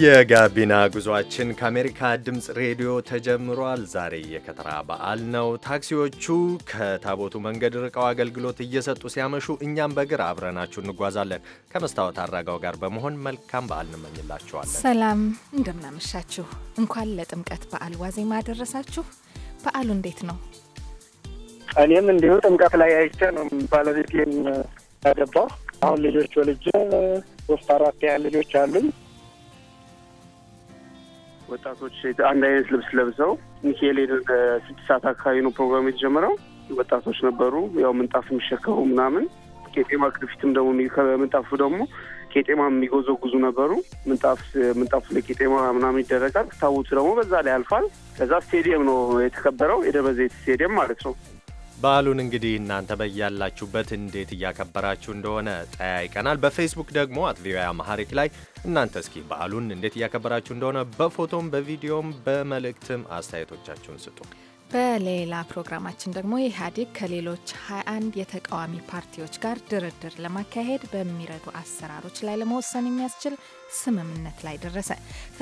የጋቢና ጉዟችን ከአሜሪካ ድምፅ ሬዲዮ ተጀምሯል። ዛሬ የከተራ በዓል ነው። ታክሲዎቹ ከታቦቱ መንገድ ርቀው አገልግሎት እየሰጡ ሲያመሹ፣ እኛም በግር አብረናችሁ እንጓዛለን። ከመስታወት አድራጋው ጋር በመሆን መልካም በዓል እንመኝላችኋለን። ሰላም፣ እንደምናመሻችሁ። እንኳን ለጥምቀት በዓል ዋዜማ ደረሳችሁ። በዓሉ እንዴት ነው? እኔም እንዲሁ ጥምቀት ላይ አይቼ ነው ባለቤቴን ያገባው። አሁን ልጆች ወልጄ ሶስት አራት ያህል ልጆች አሉኝ ወጣቶች አንድ አይነት ልብስ ለብሰው ሚካኤል ስድስት ሰዓት አካባቢ ነው ፕሮግራም የተጀመረው። ወጣቶች ነበሩ ያው ምንጣፍ የሚሸከሙ ምናምን ቄጤማ ከፊትም ደግሞ ደግሞ ቄጤማ የሚጎዘጉዙ ነበሩ። ምንጣፍ ምንጣፉ ለቄጤማ ምናምን ይደረጋል። ታቦቱ ደግሞ በዛ ላይ ያልፋል። ከዛ ስቴዲየም ነው የተከበረው፣ የደብረ ዘይት ስቴዲየም ማለት ነው። በዓሉን እንግዲህ እናንተ በያላችሁበት እንዴት እያከበራችሁ እንደሆነ ጠያይቀናል። በፌስቡክ ደግሞ አት ቪኦኤ አማሐሪክ ላይ እናንተ እስኪ በዓሉን እንዴት እያከበራችሁ እንደሆነ በፎቶም በቪዲዮም በመልእክትም አስተያየቶቻችሁን ስጡ። በሌላ ፕሮግራማችን ደግሞ ኢህአዴግ ከሌሎች 21 የተቃዋሚ ፓርቲዎች ጋር ድርድር ለማካሄድ በሚረዱ አሰራሮች ላይ ለመወሰን የሚያስችል ስምምነት ላይ ደረሰ።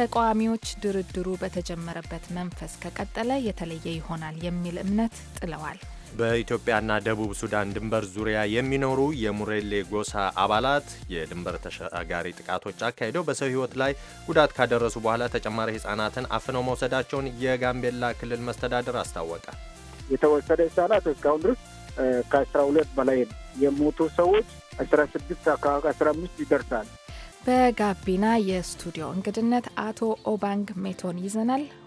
ተቃዋሚዎች ድርድሩ በተጀመረበት መንፈስ ከቀጠለ የተለየ ይሆናል የሚል እምነት ጥለዋል። በኢትዮጵያና ደቡብ ሱዳን ድንበር ዙሪያ የሚኖሩ የሙሬሌ ጎሳ አባላት የድንበር ተሻጋሪ ጥቃቶች አካሂደው በሰው ሕይወት ላይ ጉዳት ካደረሱ በኋላ ተጨማሪ ሕጻናትን አፍነው መውሰዳቸውን የጋምቤላ ክልል መስተዳደር አስታወቀ። የተወሰደ ሕጻናት እስካሁን ድረስ ከአስራ ሁለት በላይ የሞቱ ሰዎች አስራ ስድስት አስራ አምስት ይደርሳል። በጋቢና የስቱዲዮ እንግድነት አቶ ኦባንግ ሜቶን ይዘናል።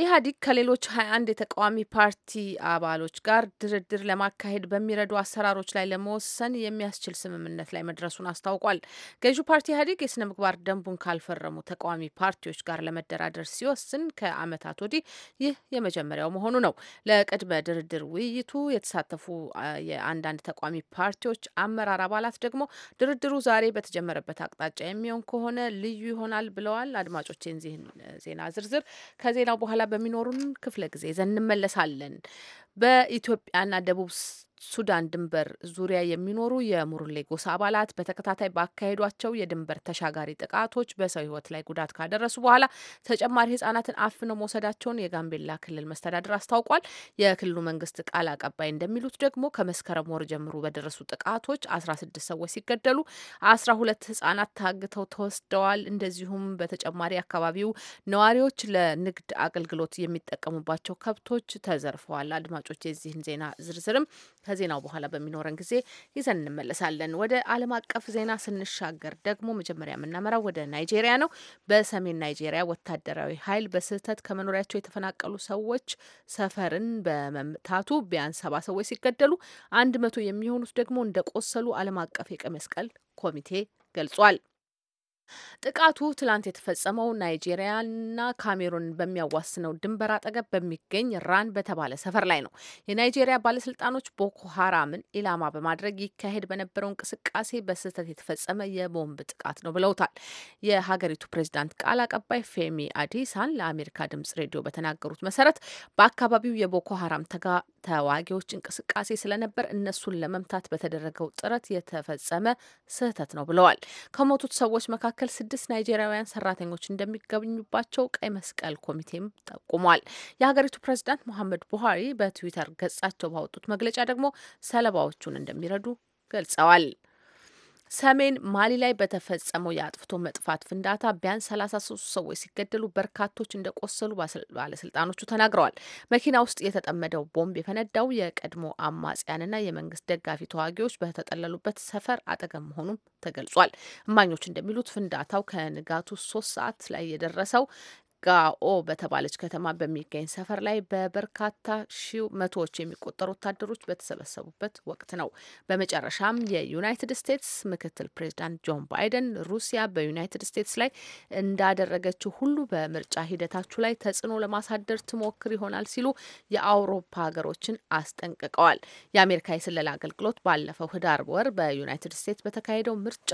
ኢህአዲግ ከሌሎች 21 የተቃዋሚ ፓርቲ አባሎች ጋር ድርድር ለማካሄድ በሚረዱ አሰራሮች ላይ ለመወሰን የሚያስችል ስምምነት ላይ መድረሱን አስታውቋል። ገዢው ፓርቲ ኢህአዲግ የስነ ምግባር ደንቡን ካልፈረሙ ተቃዋሚ ፓርቲዎች ጋር ለመደራደር ሲወስን ከዓመታት ወዲህ ይህ የመጀመሪያው መሆኑ ነው። ለቅድመ ድርድር ውይይቱ የተሳተፉ የአንዳንድ ተቃዋሚ ፓርቲዎች አመራር አባላት ደግሞ ድርድሩ ዛሬ በተጀመረበት አቅጣጫ የሚሆን ከሆነ ልዩ ይሆናል ብለዋል። አድማጮቼን ዜና ዝርዝር ከዜናው በኋላ በሚኖሩን ክፍለ ጊዜ ይዘን እንመለሳለን። በኢትዮጵያና ደቡብ ሱዳን ድንበር ዙሪያ የሚኖሩ የሙርሌ ጎሳ አባላት በተከታታይ ባካሄዷቸው የድንበር ተሻጋሪ ጥቃቶች በሰው ሕይወት ላይ ጉዳት ካደረሱ በኋላ ተጨማሪ ሕጻናትን አፍነው መውሰዳቸውን የጋምቤላ ክልል መስተዳድር አስታውቋል። የክልሉ መንግስት ቃል አቀባይ እንደሚሉት ደግሞ ከመስከረም ወር ጀምሮ በደረሱ ጥቃቶች አስራ ስድስት ሰዎች ሲገደሉ አስራ ሁለት ሕጻናት ታግተው ተወስደዋል። እንደዚሁም በተጨማሪ አካባቢው ነዋሪዎች ለንግድ አገልግሎት የሚጠቀሙባቸው ከብቶች ተዘርፈዋል። አድማጮ አድማጮች የዚህን ዜና ዝርዝርም ከዜናው በኋላ በሚኖረን ጊዜ ይዘን እንመለሳለን። ወደ ዓለም አቀፍ ዜና ስንሻገር ደግሞ መጀመሪያ የምናመራው ወደ ናይጄሪያ ነው። በሰሜን ናይጄሪያ ወታደራዊ ኃይል በስህተት ከመኖሪያቸው የተፈናቀሉ ሰዎች ሰፈርን በመምታቱ ቢያንስ ሰባ ሰዎች ሲገደሉ አንድ መቶ የሚሆኑት ደግሞ እንደቆሰሉ ዓለም አቀፍ የቀይ መስቀል ኮሚቴ ገልጿል። ጥቃቱ ትላንት የተፈጸመው ናይጄሪያና ካሜሩን በሚያዋስነው ድንበር አጠገብ በሚገኝ ራን በተባለ ሰፈር ላይ ነው። የናይጄሪያ ባለስልጣኖች ቦኮ ሀራምን ኢላማ በማድረግ ይካሄድ በነበረው እንቅስቃሴ በስህተት የተፈጸመ የቦምብ ጥቃት ነው ብለውታል። የሀገሪቱ ፕሬዚዳንት ቃል አቀባይ ፌሚ አዲሳን ለአሜሪካ ድምጽ ሬዲዮ በተናገሩት መሰረት በአካባቢው የቦኮ ሀራም ተዋጊዎች እንቅስቃሴ ስለነበር እነሱን ለመምታት በተደረገው ጥረት የተፈጸመ ስህተት ነው ብለዋል። ከሞቱት ሰዎች መካከል ስድስት ናይጄሪያውያን ሰራተኞች እንደሚገኙባቸው ቀይ መስቀል ኮሚቴም ጠቁሟል። የሀገሪቱ ፕሬዚዳንት ሙሐመድ ቡሃሪ በትዊተር ገጻቸው ባወጡት መግለጫ ደግሞ ሰለባዎቹን እንደሚረዱ ገልጸዋል። ሰሜን ማሊ ላይ በተፈጸመው የአጥፍቶ መጥፋት ፍንዳታ ቢያንስ 33 ሰዎች ሲገደሉ በርካቶች እንደቆሰሉ ባለስልጣኖቹ ተናግረዋል። መኪና ውስጥ የተጠመደው ቦምብ የፈነዳው የቀድሞ አማጽያንና የመንግስት ደጋፊ ተዋጊዎች በተጠለሉበት ሰፈር አጠገብ መሆኑም ተገልጿል። እማኞች እንደሚሉት ፍንዳታው ከንጋቱ ሶስት ሰዓት ላይ የደረሰው ጋኦ በተባለች ከተማ በሚገኝ ሰፈር ላይ በበርካታ ሺው መቶዎች የሚቆጠሩ ወታደሮች በተሰበሰቡበት ወቅት ነው። በመጨረሻም የዩናይትድ ስቴትስ ምክትል ፕሬዚዳንት ጆን ባይደን ሩሲያ በዩናይትድ ስቴትስ ላይ እንዳደረገችው ሁሉ በምርጫ ሂደታችሁ ላይ ተጽዕኖ ለማሳደር ትሞክር ይሆናል ሲሉ የአውሮፓ ሀገሮችን አስጠንቅቀዋል። የአሜሪካ የስለላ አገልግሎት ባለፈው ህዳር ወር በዩናይትድ ስቴትስ በተካሄደው ምርጫ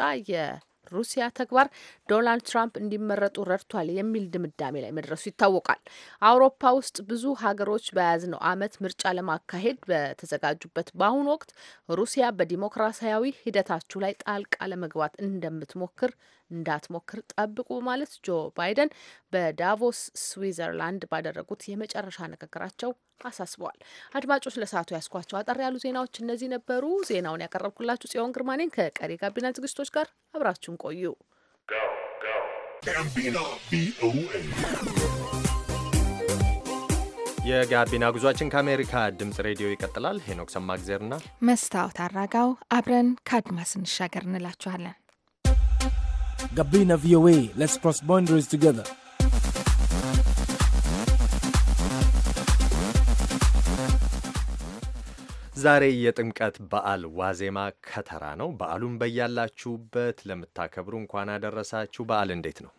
ሩሲያ ተግባር ዶናልድ ትራምፕ እንዲመረጡ ረድቷል የሚል ድምዳሜ ላይ መድረሱ ይታወቃል። አውሮፓ ውስጥ ብዙ ሀገሮች በያዝነው ዓመት ምርጫ ለማካሄድ በተዘጋጁበት በአሁኑ ወቅት ሩሲያ በዲሞክራሲያዊ ሂደታችሁ ላይ ጣልቃ ለመግባት እንደምትሞክር እንዳትሞክር ጠብቁ ማለት ጆ ባይደን በዳቮስ ስዊዘርላንድ ባደረጉት የመጨረሻ ንግግራቸው አሳስበዋል። አድማጮች ለሰዓቱ ያስኳቸው አጠር ያሉ ዜናዎች እነዚህ ነበሩ። ዜናውን ያቀረብኩላችሁ ጽዮን ግርማ ነኝ። ከቀሪ ጋቢና ዝግጅቶች ጋር አብራችሁን ቆዩ። የጋቢና ጉዟችን ከአሜሪካ ድምጽ ሬዲዮ ይቀጥላል። ሄኖክ ሰማግዜርና መስታወት አራጋው አብረን ከአድማስ እንሻገር እንላችኋለን። Gabina VOA. Let's cross boundaries together. ዛሬ የጥምቀት በዓል ዋዜማ ከተራ ነው። በዓሉን በያላችሁበት ለምታከብሩ እንኳን አደረሳችሁ። በዓል እንዴት ነው?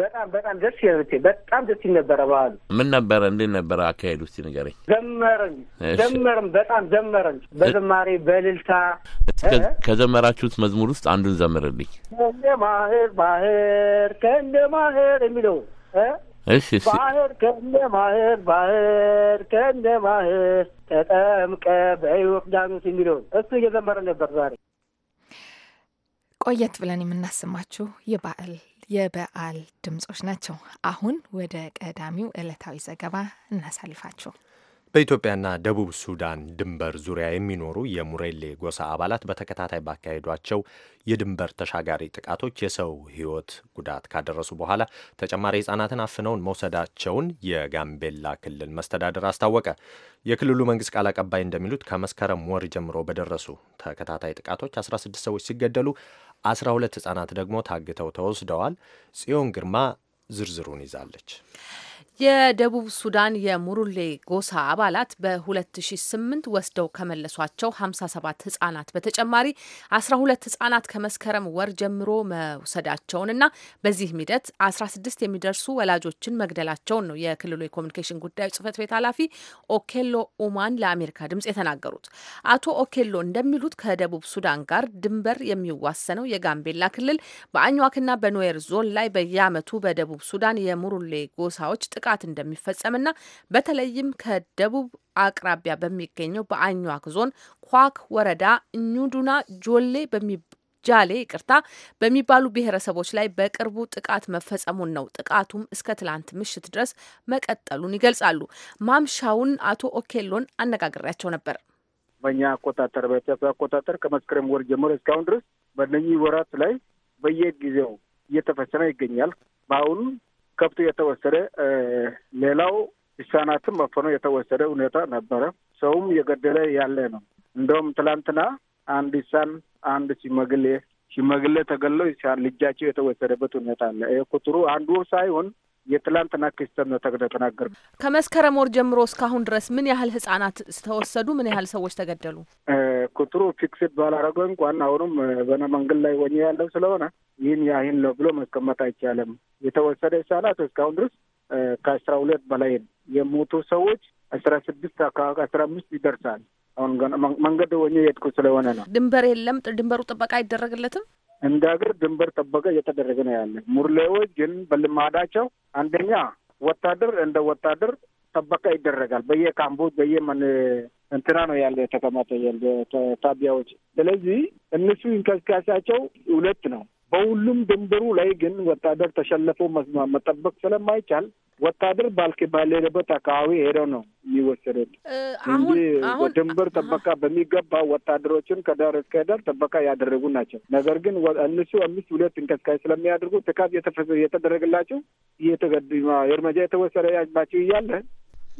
በጣም በጣም ደስ ይለምት በጣም ደስ ይል ነበረ። ባህሉ ምን ነበረ? እንዴት ነበረ አካሄዱ? እስቲ ንገረኝ። ዘመርን ዘመርን በጣም ዘመርን በዝማሬ በልልታ። ከዘመራችሁት መዝሙር ውስጥ አንዱን ዘምርልኝ። እንደ ማህር ባህር ከእንደ ማህር የሚለው እሺ፣ እሺ ባህር ከእንደ ማህር ባህር ከእንደ ማህር ተጠምቀ በዮርዳኖስ የሚለውን እሱ እየዘመረ ነበር ዛሬ ቆየት ብለን የምናሰማችሁ የበዓል የበዓል ድምጾች ናቸው። አሁን ወደ ቀዳሚው ዕለታዊ ዘገባ እናሳልፋቸው። በኢትዮጵያና ደቡብ ሱዳን ድንበር ዙሪያ የሚኖሩ የሙሬሌ ጎሳ አባላት በተከታታይ ባካሄዷቸው የድንበር ተሻጋሪ ጥቃቶች የሰው ሕይወት ጉዳት ካደረሱ በኋላ ተጨማሪ ሕጻናትን አፍነውን መውሰዳቸውን የጋምቤላ ክልል መስተዳደር አስታወቀ። የክልሉ መንግስት ቃል አቀባይ እንደሚሉት ከመስከረም ወር ጀምሮ በደረሱ ተከታታይ ጥቃቶች 16 ሰዎች ሲገደሉ 12 ሕጻናት ደግሞ ታግተው ተወስደዋል። ጽዮን ግርማ ዝርዝሩን ይዛለች። የደቡብ ሱዳን የሙሩሌ ጎሳ አባላት በ2008 ወስደው ከመለሷቸው 57 ህጻናት በተጨማሪ 12 ህጻናት ከመስከረም ወር ጀምሮ መውሰዳቸውንና በዚህም ሂደት 16 የሚደርሱ ወላጆችን መግደላቸውን ነው የክልሉ የኮሚኒኬሽን ጉዳዮች ጽህፈት ቤት ኃላፊ ኦኬሎ ኡማን ለአሜሪካ ድምጽ የተናገሩት። አቶ ኦኬሎ እንደሚሉት ከደቡብ ሱዳን ጋር ድንበር የሚዋሰነው የጋምቤላ ክልል በአኝዋክና በኖዌር ዞን ላይ በየአመቱ በደቡብ ሱዳን የሙሩሌ ጎሳዎች ጥቃት ጥቃት እንደሚፈጸምና በተለይም ከደቡብ አቅራቢያ በሚገኘው በአኟክ ዞን ኳክ ወረዳ እኙዱና ጆሌ በሚ ጃሌ ይቅርታ በሚባሉ ብሔረሰቦች ላይ በቅርቡ ጥቃት መፈጸሙን ነው። ጥቃቱም እስከ ትላንት ምሽት ድረስ መቀጠሉን ይገልጻሉ። ማምሻውን አቶ ኦኬሎን አነጋግሬያቸው ነበር። በእኛ አቆጣጠር በኢትዮጵያ አቆጣጠር ከመስከረም ወር ጀምሮ እስካሁን ድረስ በእነኚህ ወራት ላይ በየጊዜው እየተፈጸመ ይገኛል። በአሁኑ ከብቱ የተወሰደ፣ ሌላው ህጻናትም መፈኖ የተወሰደ ሁኔታ ነበረ። ሰውም እየገደለ ያለ ነው። እንደውም ትላንትና አንድ ህጻን አንድ ሽማግሌ ሽማግሌ ተገሎ ልጃቸው የተወሰደበት ሁኔታ አለ። ይህ ቁጥሩ አንዱ ሳይሆን የትላንትና ክስተት ነው ተገደተናገር ከመስከረም ወር ጀምሮ እስካሁን ድረስ ምን ያህል ህጻናት ተወሰዱ? ምን ያህል ሰዎች ተገደሉ? ቁጥሩ ፊክስድ ባላረገ እንኳን አሁኑም በነ መንገድ ላይ ወኘ ያለው ስለሆነ ይህን ያህል ነው ብሎ መቀመጥ አይቻልም። የተወሰደ ህጻናት እስካሁን ድረስ ከአስራ ሁለት በላይ የሞቱ ሰዎች አስራ ስድስት አካባቢ አስራ አምስት ይደርሳል። አሁን መንገድ ወኘ የሄድኩ ስለሆነ ነው። ድንበር የለም። ድንበሩ ጥበቃ አይደረግለትም። እንደ ሀገር ድንበር ጥበቃ እየተደረገ ነው ያለ። ሙርሌዎች ግን በልማዳቸው አንደኛ ወታደር እንደ ወታደር ጥበቃ ይደረጋል። በየካምቦ በየመን እንትና ነው ያለ የተቀመጠ ታቢያዎች። ስለዚህ እነሱ እንቅስቃሴያቸው ሁለት ነው። በሁሉም ድንበሩ ላይ ግን ወታደር ተሸልፎ መጠበቅ ስለማይቻል ወታደር ባልክ ባሌለበት አካባቢ ሄደው ነው የሚወሰደት እንጂ ድንበር ጥበቃ በሚገባ ወታደሮችን ከዳር እስከ ዳር ጥበቃ ያደረጉ ናቸው። ነገር ግን እነሱ አምስት ሁለት እንቅስቃሴ ስለሚያደርጉ ጥቃት የተደረገላቸው እርምጃ የተወሰደባቸው እያለ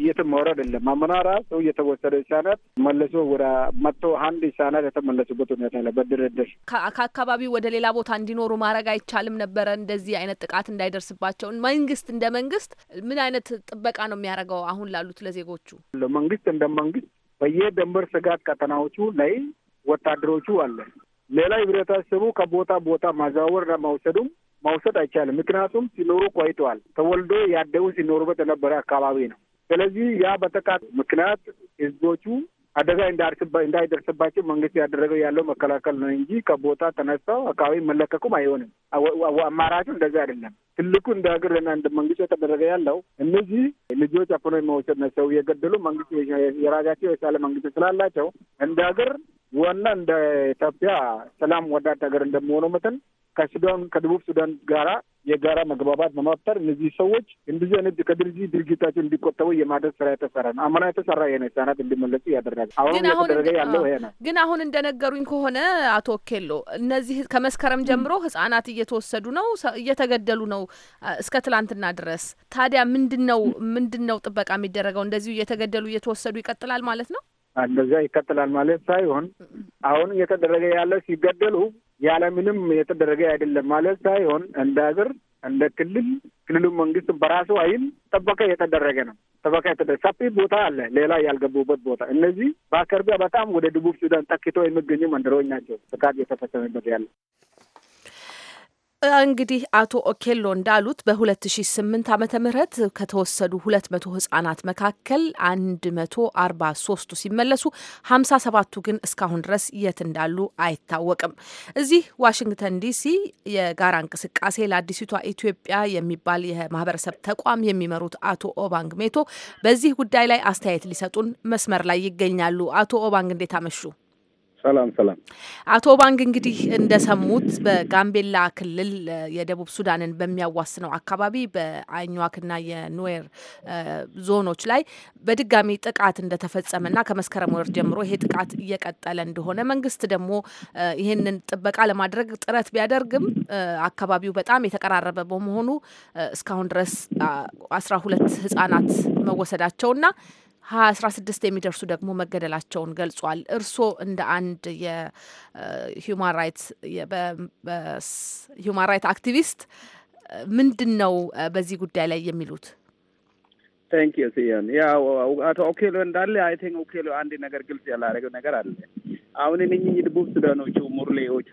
የትም መውረድ የለም። አመራር ሰው እየተወሰደ ህጻናት መልሶ ወደ መቶ አንድ ህጻናት የተመለሱበት ሁኔታ ያለ በድርድር ከአካባቢው ወደ ሌላ ቦታ እንዲኖሩ ማድረግ አይቻልም ነበረ። እንደዚህ አይነት ጥቃት እንዳይደርስባቸው መንግስት እንደ መንግስት ምን አይነት ጥበቃ ነው የሚያደርገው? አሁን ላሉት ለዜጎቹ መንግስት እንደ መንግስት በየድንበር ስጋት ቀጠናዎቹ ላይ ወታደሮቹ አለ። ሌላ ህብረተሰቡ ከቦታ ቦታ ማዘዋወርና መውሰዱም መውሰድ አይቻልም። ምክንያቱም ሲኖሩ ቆይተዋል። ተወልዶ ያደጉ ሲኖሩበት የነበረ አካባቢ ነው። ስለዚህ ያ በጥቃት ምክንያት ህዝቦቹ አደጋ እንዳይደርስባቸው መንግስት ያደረገው ያለው መከላከል ነው እንጂ ከቦታ ተነሳው አካባቢ መለቀቁም አይሆንም። አማራጩ እንደዚህ አይደለም። ትልቁ እንደ ሀገር ና እንደ መንግስት የተደረገ ያለው እነዚህ ልጆች አፍኖ መውሰድ ነው። ሰው የገደሉ መንግስት የራሳቸው የቻለ መንግስት ስላላቸው እንደ ሀገር ዋና እንደ ኢትዮጵያ ሰላም ወዳድ ሀገር እንደመሆኑ መጠን ከሱዳን ከደቡብ ሱዳን ጋራ የጋራ መግባባት በማፍጠር እነዚህ ሰዎች እንደዚህ አይነት ከድርጅት ድርጊታቸው እንዲቆጠቡ የማድረግ ስራ የተሰራ ነው። አምና የተሰራ ይሄ ህጻናት እንዲመለሱ ያደረገ አሁን እየተደረገ ያለው ይሄ ነው። ግን አሁን እንደነገሩኝ ከሆነ አቶ ኬሎ እነዚህ ከመስከረም ጀምሮ ህጻናት እየተወሰዱ ነው፣ እየተገደሉ ነው እስከ ትላንትና ድረስ። ታዲያ ምንድን ነው ምንድን ነው ጥበቃ የሚደረገው? እንደዚሁ እየተገደሉ እየተወሰዱ ይቀጥላል ማለት ነው። እንደዚያ ይቀጥላል ማለት ሳይሆን አሁን እየተደረገ ያለ ሲገደሉ ያለምንም የተደረገ አይደለም ማለት ሳይሆን እንደ ሀገር እንደ ክልል ክልሉ መንግስት በራሱ አይን ጥበቃ የተደረገ ነው። ጠበቃ የተደረገ ሰፊ ቦታ አለ፣ ሌላ ያልገቡበት ቦታ። እነዚህ በአከርቢያ በጣም ወደ ደቡብ ሱዳን ጠክቶ የሚገኙ መንደሮች ናቸው ፍቃድ የተፈጸመበት ያለ እንግዲህ አቶ ኦኬሎ እንዳሉት በ2008 ዓ ም ከተወሰዱ 200 ህጻናት መካከል 143ቱ ሲመለሱ 57ቱ ግን እስካሁን ድረስ የት እንዳሉ አይታወቅም። እዚህ ዋሽንግተን ዲሲ የጋራ እንቅስቃሴ ለአዲሲቷ ኢትዮጵያ የሚባል የማህበረሰብ ተቋም የሚመሩት አቶ ኦባንግ ሜቶ በዚህ ጉዳይ ላይ አስተያየት ሊሰጡን መስመር ላይ ይገኛሉ። አቶ ኦባንግ እንዴት አመሹ? ሰላም ሰላም። አቶ ባንግ እንግዲህ እንደሰሙት በጋምቤላ ክልል የደቡብ ሱዳንን በሚያዋስነው አካባቢ በአኟክና የኑዌር ዞኖች ላይ በድጋሚ ጥቃት እንደተፈጸመና ከመስከረም ወር ጀምሮ ይሄ ጥቃት እየቀጠለ እንደሆነ መንግስት ደግሞ ይህንን ጥበቃ ለማድረግ ጥረት ቢያደርግም አካባቢው በጣም የተቀራረበ በመሆኑ እስካሁን ድረስ አስራ ሁለት ህጻናት መወሰዳቸውና ሀያ አስራ ስድስት የሚደርሱ ደግሞ መገደላቸውን ገልጿል። እርስዎ እንደ አንድ የሂውማን ራይትስ ሁማን ራይት አክቲቪስት ምንድን ነው በዚህ ጉዳይ ላይ የሚሉት? ታንክ ዩ ስያን ያው አቶ ኦኬሎ እንዳለ አይ ቲንክ ኦኬሎ አንድ ነገር ግልጽ ያላደረገው ነገር አለ አሁን እነኝህ የደቡብ ሱዳኖቹ ሙርሌዎቹ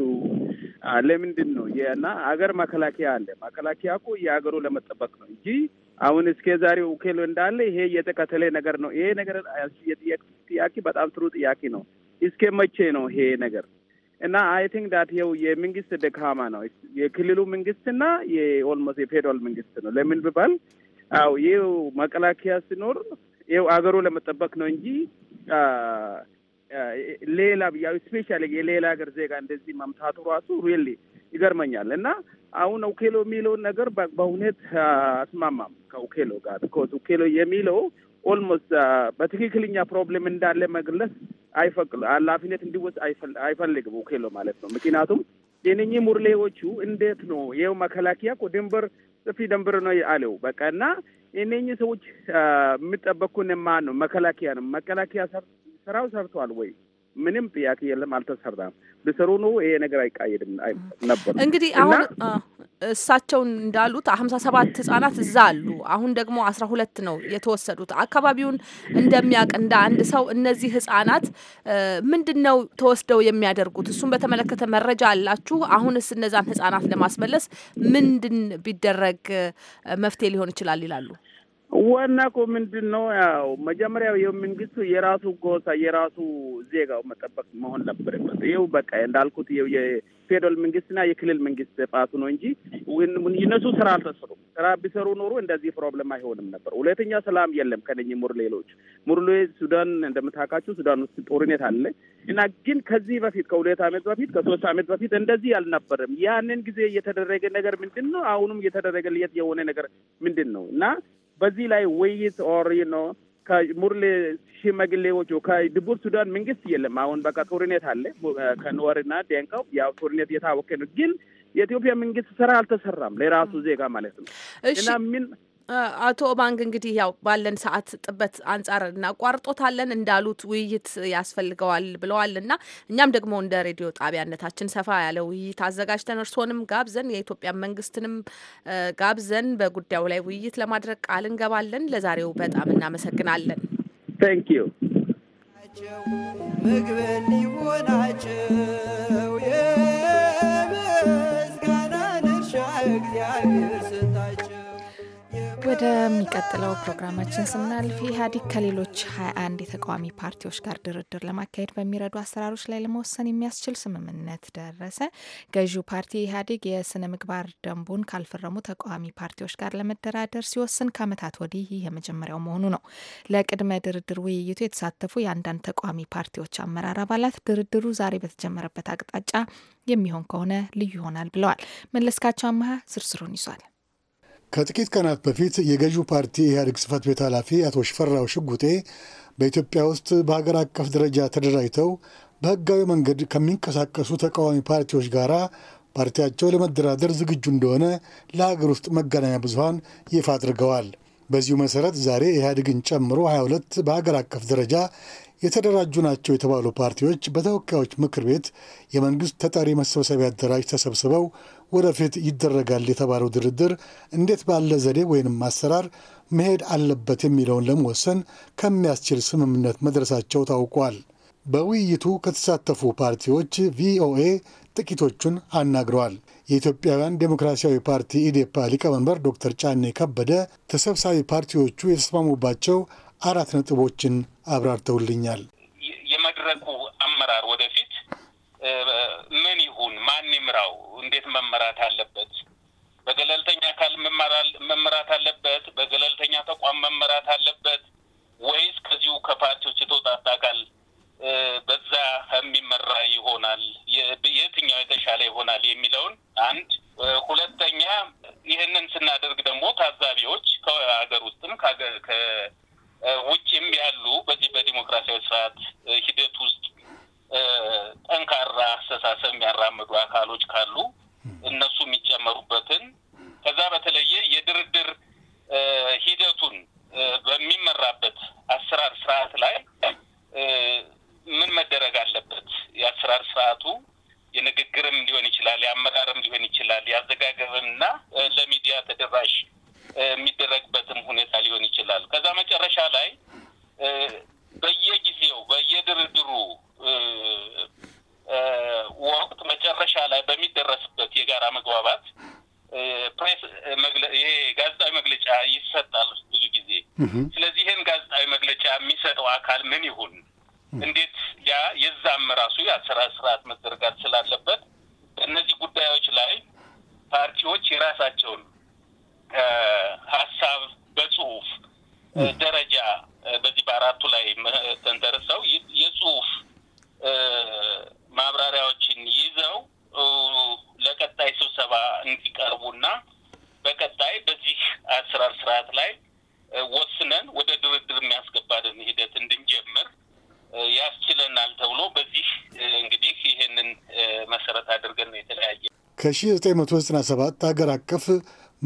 ለምንድን ነው እና አገር መከላከያ አለ። መከላከያ እኮ የሀገሩ ለመጠበቅ ነው እንጂ አሁን እስከ ዛሬ ኬሎ እንዳለ ይሄ የተከተለ ነገር ነው። ይሄ ነገር ጥያቄ በጣም ጥሩ ጥያቄ ነው። እስከ መቼ ነው ይሄ ነገር? እና አይ ቲንክ ዳት ይኸው የመንግስት ደካማ ነው። የክልሉ መንግስትና የኦልሞስ የፌዴራል መንግስት ነው። ለምን ብባል አው ይኸው መከላከያ ሲኖር ይኸው አገሩ ለመጠበቅ ነው እንጂ ሌላ ብያዊ ስፔሻሊ የሌላ ሀገር ዜጋ እንደዚህ መምታቱ ራሱ ሪሊ ይገርመኛል። እና አሁን ኡኬሎ የሚለውን ነገር በእውነት አስማማም ከኡኬሎ ጋር ቢኮዝ ኡኬሎ የሚለው ኦልሞስት በትክክለኛ ፕሮብሌም እንዳለ መግለጽ አይፈቅሉ ኃላፊነት እንዲወስድ አይፈልግም ኡኬሎ ማለት ነው። ምክንያቱም የነኚህ ሙርሌዎቹ እንዴት ነው ይኸው መከላከያ እኮ ድንበር ጽፊ ደንበር ነው አለው በቃ እና የነኚህ ሰዎች የሚጠበቁን ማን ነው? መከላከያ ነው። መከላከያ ስራው ሰርቷል ወይ? ምንም ጥያቄ የለም። አልተሰራም። ብስሩ ነው ይሄ ነገር አይቃየድም ነበር። እንግዲህ አሁን እሳቸው እንዳሉት ሀምሳ ሰባት ህጻናት እዛ አሉ። አሁን ደግሞ አስራ ሁለት ነው የተወሰዱት። አካባቢውን እንደሚያውቅ እንደ አንድ ሰው እነዚህ ህጻናት ምንድን ነው ተወስደው የሚያደርጉት? እሱን በተመለከተ መረጃ አላችሁ? አሁንስ እነዛን ህጻናት ለማስመለስ ምንድን ቢደረግ መፍትሄ ሊሆን ይችላል ይላሉ? ዋና እኮ ምንድን ነው ያው መጀመሪያው የመንግስቱ የራሱ ጎሳ የራሱ ዜጋው መጠበቅ መሆን ነበረበት። ይው በቃ እንዳልኩት ው የፌዴራል መንግስትና የክልል መንግስት ጥፋቱ ነው እንጂ እነሱ ስራ አልተሰሩም። ስራ ቢሰሩ ኖሩ እንደዚህ ፕሮብለም አይሆንም ነበር። ሁለተኛ ሰላም የለም ከነ ሙርሌሎች ሙርሌ ሱዳን እንደምታውቃችሁ ሱዳን ውስጥ ጦርነት አለ እና ግን ከዚህ በፊት ከሁለት አመት በፊት ከሶስት አመት በፊት እንደዚህ አልነበረም። ያንን ጊዜ እየተደረገ ነገር ምንድን ነው? አሁኑም እየተደረገ ልየት የሆነ ነገር ምንድን ነው እና በዚህ ላይ ውይይት ኦር ነው ከሙርሌ ሽማግሌዎቹ ከድቡር ሱዳን መንግስት የለም። አሁን በቃ ጦርነት አለ ከንወርና ደንቀው ያው ጦርነት እየታወቀ ነው ግን የኢትዮጵያ መንግስት ስራ አልተሰራም ለራሱ ዜጋ ማለት ነው እና ምን አቶ ኦባንግ እንግዲህ ያው ባለን ሰዓት ጥበት አንጻር እናቋርጦታለን። እንዳሉት ውይይት ያስፈልገዋል ብለዋል እና እኛም ደግሞ እንደ ሬዲዮ ጣቢያነታችን ሰፋ ያለ ውይይት አዘጋጅተን እርስዎንም ጋብዘን የኢትዮጵያ መንግስትንም ጋብዘን በጉዳዩ ላይ ውይይት ለማድረግ ቃል እንገባለን። ለዛሬው በጣም እናመሰግናለን። ታንክ ዩ ምግብን ይሆናቸው እግዚአብሔር ስታቸው ወደሚቀጥለው ፕሮግራማችን ስናልፍ ኢህአዴግ ከሌሎች 21 የተቃዋሚ ፓርቲዎች ጋር ድርድር ለማካሄድ በሚረዱ አሰራሮች ላይ ለመወሰን የሚያስችል ስምምነት ደረሰ። ገዢው ፓርቲ ኢህአዴግ የስነ ምግባር ደንቡን ካልፈረሙ ተቃዋሚ ፓርቲዎች ጋር ለመደራደር ሲወስን ከዓመታት ወዲህ ይህ የመጀመሪያው መሆኑ ነው። ለቅድመ ድርድር ውይይቱ የተሳተፉ የአንዳንድ ተቃዋሚ ፓርቲዎች አመራር አባላት ድርድሩ ዛሬ በተጀመረበት አቅጣጫ የሚሆን ከሆነ ልዩ ይሆናል ብለዋል። መለስካቸው አመሀ ዝርዝሩን ይዟል። ከጥቂት ቀናት በፊት የገዢው ፓርቲ ኢህአዴግ ጽህፈት ቤት ኃላፊ አቶ ሽፈራው ሽጉጤ በኢትዮጵያ ውስጥ በሀገር አቀፍ ደረጃ ተደራጅተው በህጋዊ መንገድ ከሚንቀሳቀሱ ተቃዋሚ ፓርቲዎች ጋር ፓርቲያቸው ለመደራደር ዝግጁ እንደሆነ ለሀገር ውስጥ መገናኛ ብዙኃን ይፋ አድርገዋል። በዚሁ መሰረት ዛሬ ኢህአዴግን ጨምሮ 22 በሀገር አቀፍ ደረጃ የተደራጁ ናቸው የተባሉ ፓርቲዎች በተወካዮች ምክር ቤት የመንግስት ተጠሪ መሰብሰቢያ አዳራሽ ተሰብስበው ወደፊት ይደረጋል የተባለው ድርድር እንዴት ባለ ዘዴ ወይንም አሰራር መሄድ አለበት የሚለውን ለመወሰን ከሚያስችል ስምምነት መድረሳቸው ታውቋል። በውይይቱ ከተሳተፉ ፓርቲዎች ቪኦኤ ጥቂቶቹን አናግረዋል። የኢትዮጵያውያን ዴሞክራሲያዊ ፓርቲ ኢዴፓ ሊቀመንበር ዶክተር ጫኔ ከበደ ተሰብሳቢ ፓርቲዎቹ የተስማሙባቸው አራት ነጥቦችን አብራርተውልኛል። የመድረኩ ምን ይሁን፣ ማን ይምራው፣ እንዴት መመራት አለበት? በገለልተኛ አካል መመራት አለበት፣ በገለልተኛ ተቋም መመራት አለበት ፕሬስ ይሄ ጋዜጣዊ መግለጫ ይሰጣል ብዙ ጊዜ። ስለዚህ ይህን ጋዜጣዊ መግለጫ የሚሰጠው አካል ምን ይሁን እንዴት ያ የዛም ራሱ የአሰራር ስርዓት መዘርጋት ስላለበት በእነዚህ ጉዳዮች ላይ ፓርቲዎች የራሳቸውን ሀሳብ በጽሁፍ ደረ ከ1997 አገር አቀፍ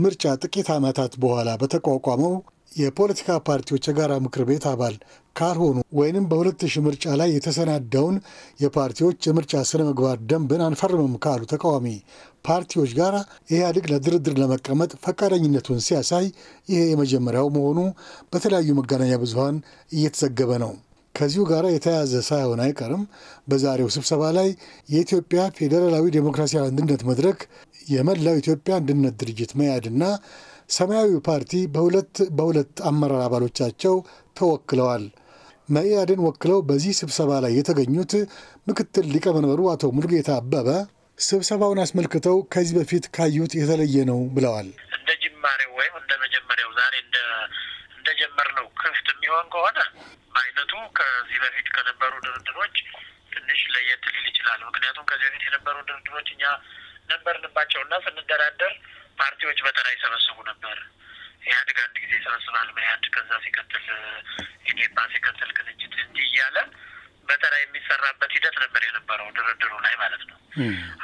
ምርጫ ጥቂት ዓመታት በኋላ በተቋቋመው የፖለቲካ ፓርቲዎች የጋራ ምክር ቤት አባል ካልሆኑ ወይንም በ2000 ምርጫ ላይ የተሰናዳውን የፓርቲዎች የምርጫ ስነ ምግባር ደንብን አንፈርምም ካሉ ተቃዋሚ ፓርቲዎች ጋር ኢህአዴግ ለድርድር ለመቀመጥ ፈቃደኝነቱን ሲያሳይ ይሄ የመጀመሪያው መሆኑ በተለያዩ መገናኛ ብዙኃን እየተዘገበ ነው። ከዚሁ ጋር የተያያዘ ሳይሆን አይቀርም በዛሬው ስብሰባ ላይ የኢትዮጵያ ፌዴራላዊ ዴሞክራሲያዊ አንድነት መድረክ፣ የመላው ኢትዮጵያ አንድነት ድርጅት መያድና ሰማያዊ ፓርቲ በሁለት በሁለት አመራር አባሎቻቸው ተወክለዋል። መኢአድን ወክለው በዚህ ስብሰባ ላይ የተገኙት ምክትል ሊቀመንበሩ አቶ ሙልጌታ አበበ ስብሰባውን አስመልክተው ከዚህ በፊት ካዩት የተለየ ነው ብለዋል። እንደ ጅማሬው ወይም እንደ መጀመሪያው ዛሬ ጀመር ነው ክፍት የሚሆን ከሆነ አይነቱ ከዚህ በፊት ከነበሩ ድርድሮች ትንሽ ለየት ሊል ይችላል። ምክንያቱም ከዚህ በፊት የነበሩ ድርድሮች እኛ ነበርንባቸው እና ስንደራደር ፓርቲዎች በተራ ይሰበስቡ ነበር። ኢህአዴግ አንድ ጊዜ ይሰበስባል፣ መኢአድ ከዛ ሲከትል ኢኔፓ ሲቀጥል ቅንጅት፣ እንዲህ እያለ በተራ የሚሰራበት ሂደት ነበር የነበረው ድርድሩ ላይ ማለት ነው።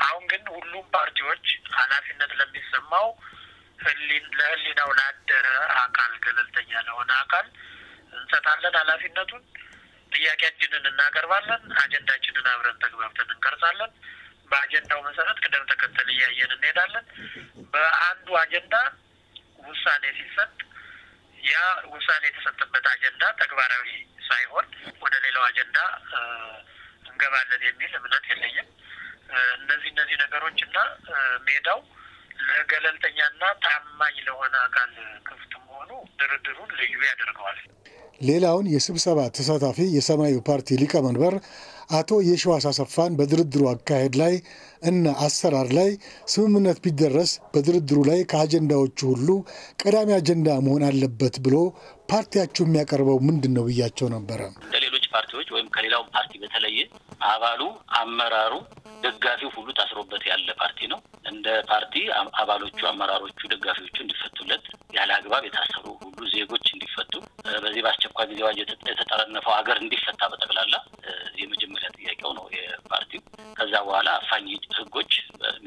አሁን ግን ሁሉም ፓርቲዎች ኃላፊነት ለሚሰማው ለህሊናው ላ እንወስዳለን ኃላፊነቱን። ጥያቄያችንን እናቀርባለን። አጀንዳችንን አብረን ተግባብተን እንቀርጻለን። በአጀንዳው መሰረት ቅደም ተከተል እያየን እንሄዳለን። በአንዱ አጀንዳ ውሳኔ ሲሰጥ ያ ውሳኔ የተሰጠበት አጀንዳ ተግባራዊ ሳይሆን ወደ ሌላው አጀንዳ እንገባለን የሚል እምነት ሌላውን የስብሰባ ተሳታፊ የሰማያዊ ፓርቲ ሊቀመንበር አቶ የሸዋስ አሰፋን በድርድሩ አካሄድ ላይ እና አሰራር ላይ ስምምነት ቢደረስ በድርድሩ ላይ ከአጀንዳዎቹ ሁሉ ቀዳሚ አጀንዳ መሆን አለበት ብሎ ፓርቲያችሁ የሚያቀርበው ምንድን ነው ብያቸው ነበረ። ከሌሎች ፓርቲዎች ወይም ከሌላው ፓርቲ በተለየ አባሉ፣ አመራሩ ደጋፊው ሁሉ ታስሮበት ያለ ፓርቲ ነው። እንደ ፓርቲ አባሎቹ፣ አመራሮቹ፣ ደጋፊዎቹ እንዲፈቱለት ያለ አግባብ የታሰሩ ሁሉ ዜጎች እንዲፈቱ በዚህ በአስቸኳይ ጊዜ አዋጅ የተጠረነፈው ሀገር እንዲፈታ በጠቅላላ የመጀመሪያ ጥያቄው ነው የፓርቲው። ከዛ በኋላ አፋኝ ህጎች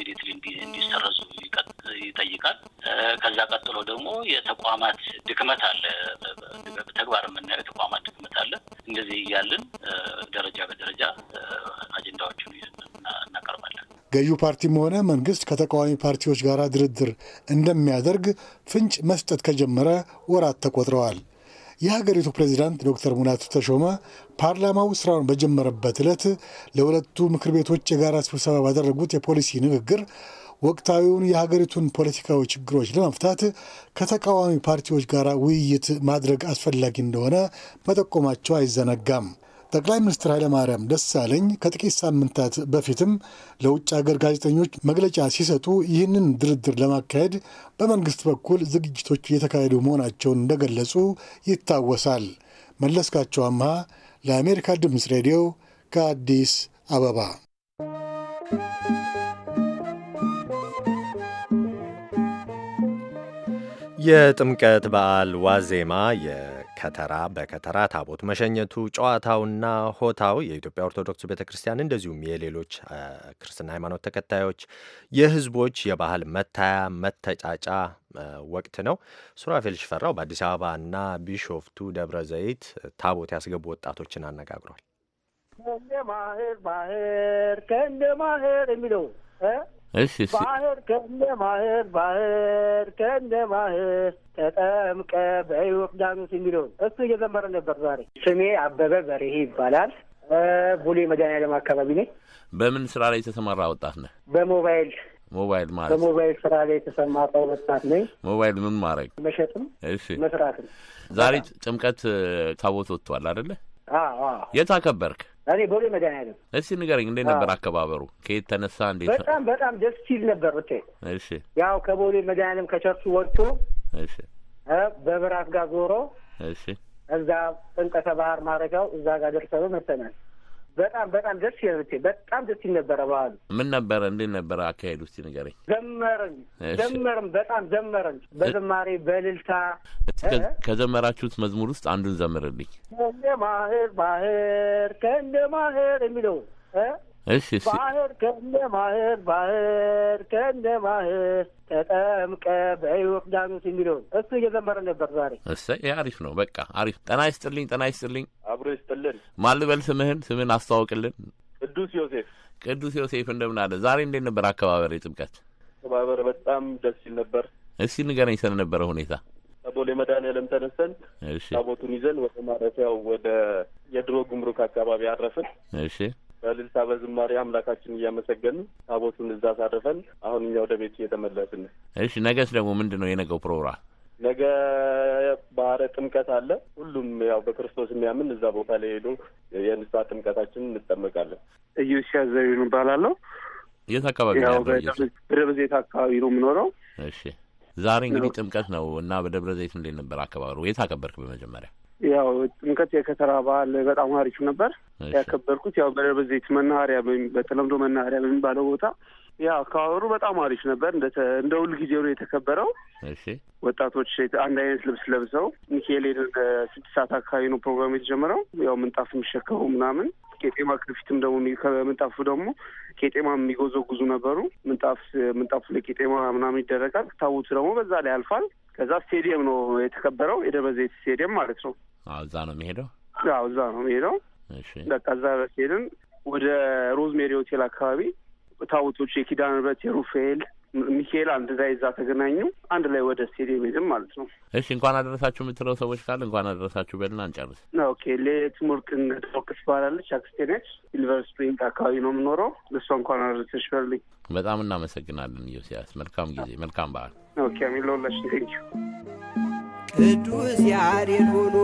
ሚሊትሪ እንዲሰረዙ ይጠይቃል። ከዛ ቀጥሎ ደግሞ የተቋማት ድክመት አለ። በተግባር የምናየው የተቋማት ድክመት አለ። እንደዚህ እያልን ደረጃ በደረጃ አጀንዳዎቹን እናቀርባለን። ገዢው ፓርቲም ሆነ መንግስት ከተቃዋሚ ፓርቲዎች ጋር ድርድር እንደሚያደርግ ፍንጭ መስጠት ከጀመረ ወራት ተቆጥረዋል። የሀገሪቱ ፕሬዚዳንት ዶክተር ሙላቱ ተሾመ ፓርላማው ስራውን በጀመረበት ዕለት ለሁለቱ ምክር ቤቶች የጋራ ስብሰባ ባደረጉት የፖሊሲ ንግግር ወቅታዊውን የሀገሪቱን ፖለቲካዊ ችግሮች ለመፍታት ከተቃዋሚ ፓርቲዎች ጋር ውይይት ማድረግ አስፈላጊ እንደሆነ መጠቆማቸው አይዘነጋም። ጠቅላይ ሚኒስትር ኃይለማርያም ደሳለኝ ከጥቂት ሳምንታት በፊትም ለውጭ ሀገር ጋዜጠኞች መግለጫ ሲሰጡ ይህንን ድርድር ለማካሄድ በመንግስት በኩል ዝግጅቶች እየተካሄዱ መሆናቸውን እንደገለጹ ይታወሳል። መለስካቸው አምሃ ለአሜሪካ ድምፅ ሬዲዮ ከአዲስ አበባ የጥምቀት በዓል ዋዜማ ከተራ በከተራ ታቦት መሸኘቱ ጨዋታውና ሆታው የኢትዮጵያ ኦርቶዶክስ ቤተ ክርስቲያን እንደዚሁም የሌሎች ክርስትና ሃይማኖት ተከታዮች የህዝቦች የባህል መታያ መተጫጫ ወቅት ነው። ሱራፌል ሽፈራው በአዲስ አበባና ቢሾፍቱ ደብረ ዘይት ታቦት ያስገቡ ወጣቶችን አነጋግሯል። ማሄር ማሄር ማሄር የሚለው እሺ እሺ ባህር ከእንደ ማህር ባህር ከእንደ ማህር ተጠምቀ በዮርዳኖስ የሚለውን እሱ እየዘመረ ነበር። ዛሬ ስሜ አበበ በርሄ ይባላል። ቡሌ መድኃኒዓለም አካባቢ ነኝ። በምን ስራ ላይ የተሰማራ ወጣት ነህ? በሞባይል ሞባይል ማለት በሞባይል ስራ ላይ የተሰማራ ወጣት ነኝ። ሞባይል ምን ማድረግ መሸጥም፣ እሺ መስራትም። ዛሬ ጥምቀት ታቦት ወጥቷል አይደለ? የት አከበርክ? እኔ ቦሌ መድኃኒዓለም። እስኪ ንገረኝ፣ እንዴት ነበር አከባበሩ? ከየት ተነሳ? እንዴት? በጣም በጣም ደስ ሲል ነበር። ብታይ እሺ፣ ያው ከቦሌ መድኃኒዓለም ከቸርቹ ወጥቶ እሺ፣ በብራት ጋር ዞሮ እሺ፣ እዛ ጥምቀተ ባህር ማረፊያው እዛ ጋር ደርሰን መተናል። በጣም በጣም ደስ ይለምት በጣም ደስ ይል ነበረ። በዓሉ ምን ነበረ? እንዴት ነበረ አካሄዱ? እስቲ ንገረኝ። ዘመርን ዘመርን በጣም ዘመርን በዝማሬ በልልታ። ከዘመራችሁት መዝሙር ውስጥ አንዱን ዘምርልኝ። ከእንደ ማሄር ማሄር ከእንደ ማሄር የሚለው እሺ እሺ ባህር ከእንደ ባህር ባህር ከእንደ ባህር ተጠምቀ በዮርዳኖስ የሚለውን እሱ እየዘመረ ነበር ዛሬ። እሰይ አሪፍ ነው። በቃ አሪፍ። ጤና ይስጥልኝ፣ ጤና ይስጥልኝ። አብሮ ይስጥልን። ማልበል ስምህን? ስምህን አስተዋውቅልን። ቅዱስ ዮሴፍ። ቅዱስ ዮሴፍ እንደምን አለ? ዛሬ እንዴት ነበር አከባበር የጥምቀት አከባበር? በጣም ደስ ሲል ነበር። እስቲ ንገረኝ ስለነበረ ሁኔታ። ከቦሌ መድኃኔዓለም ተነስተን ታቦቱን ይዘን ወደ ማረፊያው ወደ የድሮ ጉምሩክ አካባቢ አረፍን። እሺ በእልልታ በዝማሬ አምላካችን እያመሰገን ታቦቱን እዛ አሳርፈን አሁን እኛ ወደ ቤት እየተመለስን። እሺ ነገስ ደግሞ ምንድን ነው የነገው ፕሮግራም? ነገ ባህረ ጥምቀት አለ። ሁሉም ያው በክርስቶስ የሚያምን እዛ ቦታ ላይ ሄዶ የንስሐ ጥምቀታችን እንጠመቃለን። እዩሲ አዘሪን እባላለሁ። የት አካባቢ ነው? ደብረ ዘይት አካባቢ ነው የምኖረው። እሺ ዛሬ እንግዲህ ጥምቀት ነው እና በደብረ ዘይት እንዴት ነበር አከባበሩ? የት አከበርክ በመጀመሪያ? ያው ጥምቀት የከተራ በዓል በጣም አሪፍ ነበር ያከበርኩት። ያው በደብረ ዘይት መናኸሪያ በተለምዶ መናኸሪያ በሚባለው ቦታ ያ አከባበሩ በጣም አሪፍ ነበር። እንደ ጊዜ ነው የተከበረው። ወጣቶች አንድ አይነት ልብስ ለብሰው ሚካኤልን ስድስት ሰዓት አካባቢ ነው ፕሮግራም የተጀመረው። ያው ምንጣፍ የሚሸከሙ ምናምን ቄጤማ ከፊትም ደግሞ ምንጣፉ ደግሞ ቄጤማ የሚጎዘጉዙ ነበሩ። ምንጣፍ ምንጣፉ ላይ ቄጤማ ምናምን ይደረጋል። ታቦቱ ደግሞ በዛ ላይ ያልፋል። ከዛ ስቴዲየም ነው የተከበረው፣ የደብረ ዘይት ስቴዲየም ማለት ነው። እዛ ነው የሚሄደው። አዎ እዛ ነው የሚሄደው። በቃ እዛ ሄድን። ወደ ሮዝሜሪ ሆቴል አካባቢ ታቦቶች የኪዳነ ምሕረት የሩፋኤል ሚካኤል አንድ ላይ እዛ ተገናኙ። አንድ ላይ ወደ ስቴዲየም ሄድን ማለት ነው። እሺ እንኳን አደረሳችሁ የምትለው ሰዎች ካለ እንኳን አደረሳችሁ በልና አንጨርስ። ኦኬ ሌትሙርቅን ዶቅ ትባላለች። አክስቴ ነች። ሲልቨር ስፕሪንግ አካባቢ ነው የምኖረው። እሷ እንኳን አደረሰች በልኝ። በጣም እናመሰግናለን ዮሲያስ። መልካም ጊዜ፣ መልካም በዓል። ኦኬ ሚለውላሽ ቴንኪዩ ቅዱስ ያሬድ ሆኖ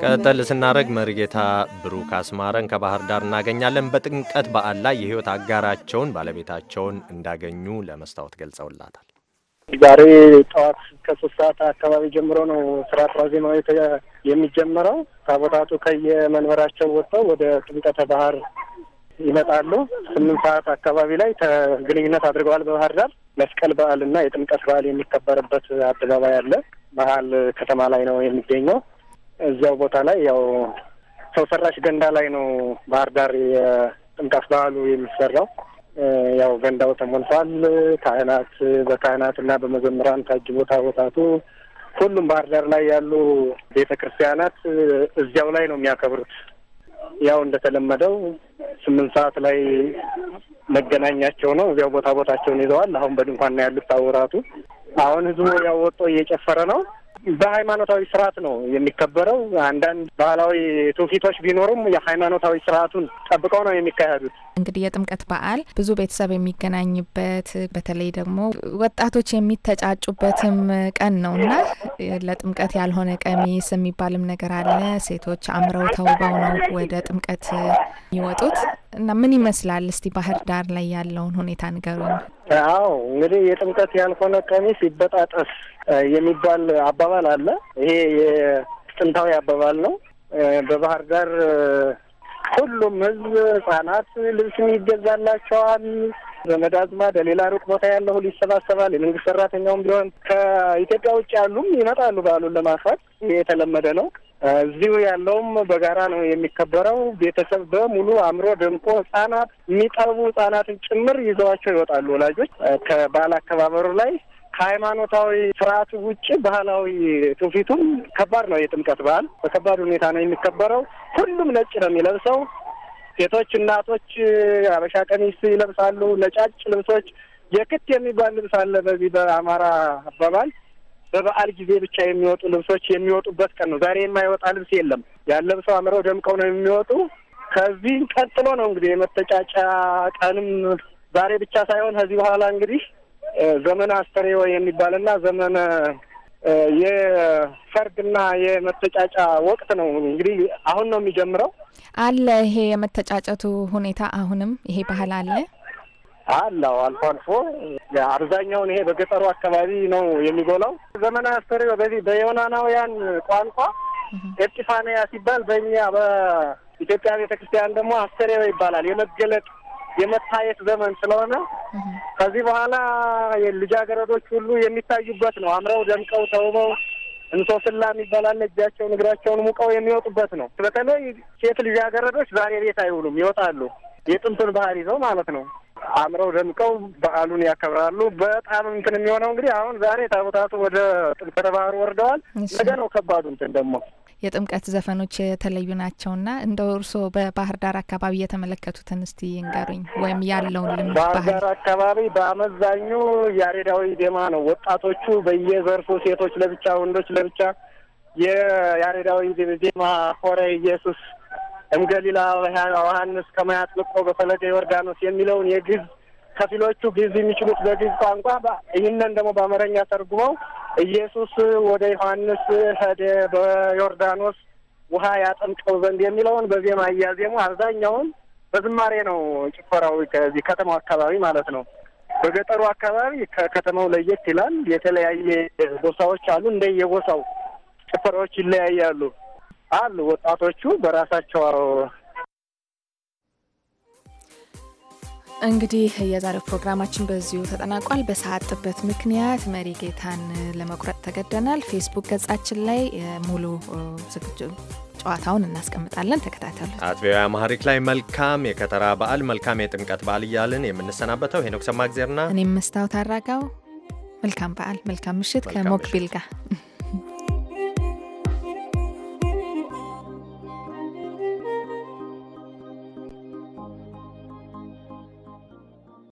ቀጠል ስናደረግ መሪጌታ ብሩክ አስማረን ከባህር ዳር እናገኛለን። በጥምቀት በዓል ላይ የህይወት አጋራቸውን ባለቤታቸውን እንዳገኙ ለመስታወት ገልጸውላታል። ዛሬ ጠዋት ከሶስት ሰዓት አካባቢ ጀምሮ ነው ስርዓተ ዜማዊ የሚጀመረው። ታቦታቱ ከየመንበራቸው ወጥተው ወደ ጥምቀተ ባህር ይመጣሉ። ስምንት ሰዓት አካባቢ ላይ ግንኙነት አድርገዋል። በባህር ዳር መስቀል በዓል እና የጥምቀት በዓል የሚከበርበት አደባባይ አለ። መሀል ከተማ ላይ ነው የሚገኘው። እዚያው ቦታ ላይ ያው ሰው ሰራሽ ገንዳ ላይ ነው ባህር ዳር የጥምቀት በዓሉ የሚሰራው። ያው ገንዳው ተሞልቷል። ካህናት በካህናት እና በመዘምራን ታጅቦ ታቦታቱ ሁሉም ባህር ዳር ላይ ያሉ ቤተ ክርስቲያናት እዚያው ላይ ነው የሚያከብሩት። ያው እንደተለመደው ስምንት ሰዓት ላይ መገናኛቸው ነው። እዚያው ቦታ ቦታቸውን ይዘዋል። አሁን በድንኳን ነው ያሉት ታቦታቱ። አሁን ህዝቡ ያው ወጦ እየጨፈረ ነው። በሃይማኖታዊ ስርዓት ነው የሚከበረው። አንዳንድ ባህላዊ ትውፊቶች ቢኖሩም የሃይማኖታዊ ስርዓቱን ጠብቀው ነው የሚካሄዱት። እንግዲህ የጥምቀት በዓል ብዙ ቤተሰብ የሚገናኝበት በተለይ ደግሞ ወጣቶች የሚተጫጩበትም ቀን ነው እና ለጥምቀት ያልሆነ ቀሚስ የሚባልም ነገር አለ። ሴቶች አምረው ተውበው ነው ወደ ጥምቀት የሚወጡት። እና ምን ይመስላል? እስቲ ባህር ዳር ላይ ያለውን ሁኔታ ንገሩን። አዎ እንግዲህ የጥምቀት ያልሆነ ቀሚስ ይበጣጠስ የሚባል አባባል አለ። ይሄ የጥንታዊ አባባል ነው። በባህር ዳር ሁሉም ህዝብ ህጻናት ልብስ ይገዛላቸዋል። ዘመድ አዝማድ ሌላ ሩቅ ቦታ ያለ ሁሉ ይሰባሰባል። የመንግስት ሰራተኛውም ቢሆን ከኢትዮጵያ ውጭ ያሉም ይመጣሉ። በዓሉን ለማክበር የተለመደ ነው። እዚሁ ያለውም በጋራ ነው የሚከበረው። ቤተሰብ በሙሉ አምሮ ደምቆ ህጻናት የሚጠቡ ህጻናትን ጭምር ይዘዋቸው ይወጣሉ ወላጆች ከባህል አከባበሩ ላይ ከሃይማኖታዊ ስርዓቱ ውጭ ባህላዊ ትውፊቱም ከባድ ነው። የጥምቀት በዓል በከባድ ሁኔታ ነው የሚከበረው። ሁሉም ነጭ ነው የሚለብሰው። ሴቶች፣ እናቶች አበሻ ቀሚስ ይለብሳሉ። ነጫጭ ልብሶች የክት የሚባል ልብስ አለ በዚህ በአማራ አባባል በበዓል ጊዜ ብቻ የሚወጡ ልብሶች የሚወጡበት ቀን ነው። ዛሬ የማይወጣ ልብስ የለም። ያለብሰው አምረው ደምቀው ነው የሚወጡ። ከዚህ ቀጥሎ ነው እንግዲህ የመተጫጫ ቀንም ዛሬ ብቻ ሳይሆን ከዚህ በኋላ እንግዲህ ዘመነ አስተሬወ የሚባልና ዘመነ የሰርግና የመተጫጫ ወቅት ነው እንግዲህ አሁን ነው የሚጀምረው። አለ ይሄ የመተጫጨቱ ሁኔታ አሁንም ይሄ ባህል አለ። አላው አልፎ አልፎ አብዛኛውን ይሄ በገጠሩ አካባቢ ነው የሚጎላው። ዘመናዊ አስተርእዮ በዚህ በዮናናውያን ቋንቋ ኤጲፋንያ ሲባል በእኛ በኢትዮጵያ ቤተ ክርስቲያን ደግሞ አስተርእዮ ይባላል። የመገለጥ የመታየት ዘመን ስለሆነ ከዚህ በኋላ ልጃገረዶች ሁሉ የሚታዩበት ነው። አምረው ደምቀው ተውበው እንሶስላ የሚባላል እጃቸውን እግራቸውን ሙቀው የሚወጡበት ነው። በተለይ ሴት ልጃገረዶች ዛሬ ቤት አይውሉም፣ ይወጣሉ። የጥንቱን ባህል ይዘው ማለት ነው። አምረው ደምቀው በዓሉን ያከብራሉ። በጣም እንትን የሚሆነው እንግዲህ አሁን ዛሬ ታቦታቱ ወደ ጥምቀተ ባህሩ ወርደዋል። ነገ ነው ከባዱ እንትን ደግሞ የጥምቀት ዘፈኖች የተለዩ ናቸው ናቸውና እንደ እርሶ በባህር ዳር አካባቢ የተመለከቱትን እስቲ እንገሩኝ፣ ወይም ያለውን ልምድ። ባህር ዳር አካባቢ በአመዛኙ ያሬዳዊ ዜማ ነው። ወጣቶቹ በየዘርፉ ሴቶች ለብቻ፣ ወንዶች ለብቻ የያሬዳዊ ዜማ ሆረ ኢየሱስ እምገሊላ ዮሐንስ ከማያጥምቆ በፈለገ ዮርዳኖስ የሚለውን የግዝ ከፊሎቹ ግዕዝ የሚችሉት በግዝ ቋንቋ ይህንን ደግሞ በአማርኛ ተርጉመው ኢየሱስ ወደ ዮሐንስ ሄደ በዮርዳኖስ ውሃ ያጠምቀው ዘንድ የሚለውን በዜማ እያዜሙ አብዛኛውን በዝማሬ ነው ጭፈራው። ከዚህ ከተማው አካባቢ ማለት ነው። በገጠሩ አካባቢ ከከተማው ለየት ይላል። የተለያየ ቦሳዎች አሉ። እንደየቦሳው ጭፈራዎች ይለያያሉ። አሉ ወጣቶቹ በራሳቸው እንግዲህ የዛሬው ፕሮግራማችን በዚሁ ተጠናቋል። በሰዓት ጥበት ምክንያት መሪ ጌታን ለመቁረጥ ተገደናል። ፌስቡክ ገጻችን ላይ ሙሉ ዝግጁ ጨዋታውን እናስቀምጣለን። ተከታተሉ። አጥቢያ ማህሪክ ላይ መልካም የከተራ በዓል፣ መልካም የጥምቀት በዓል እያልን የምንሰናበተው ሄኖክ ሰማእግዜርና እኔም መስታወት አራጋው መልካም በዓል፣ መልካም ምሽት ከሞክቢል ጋር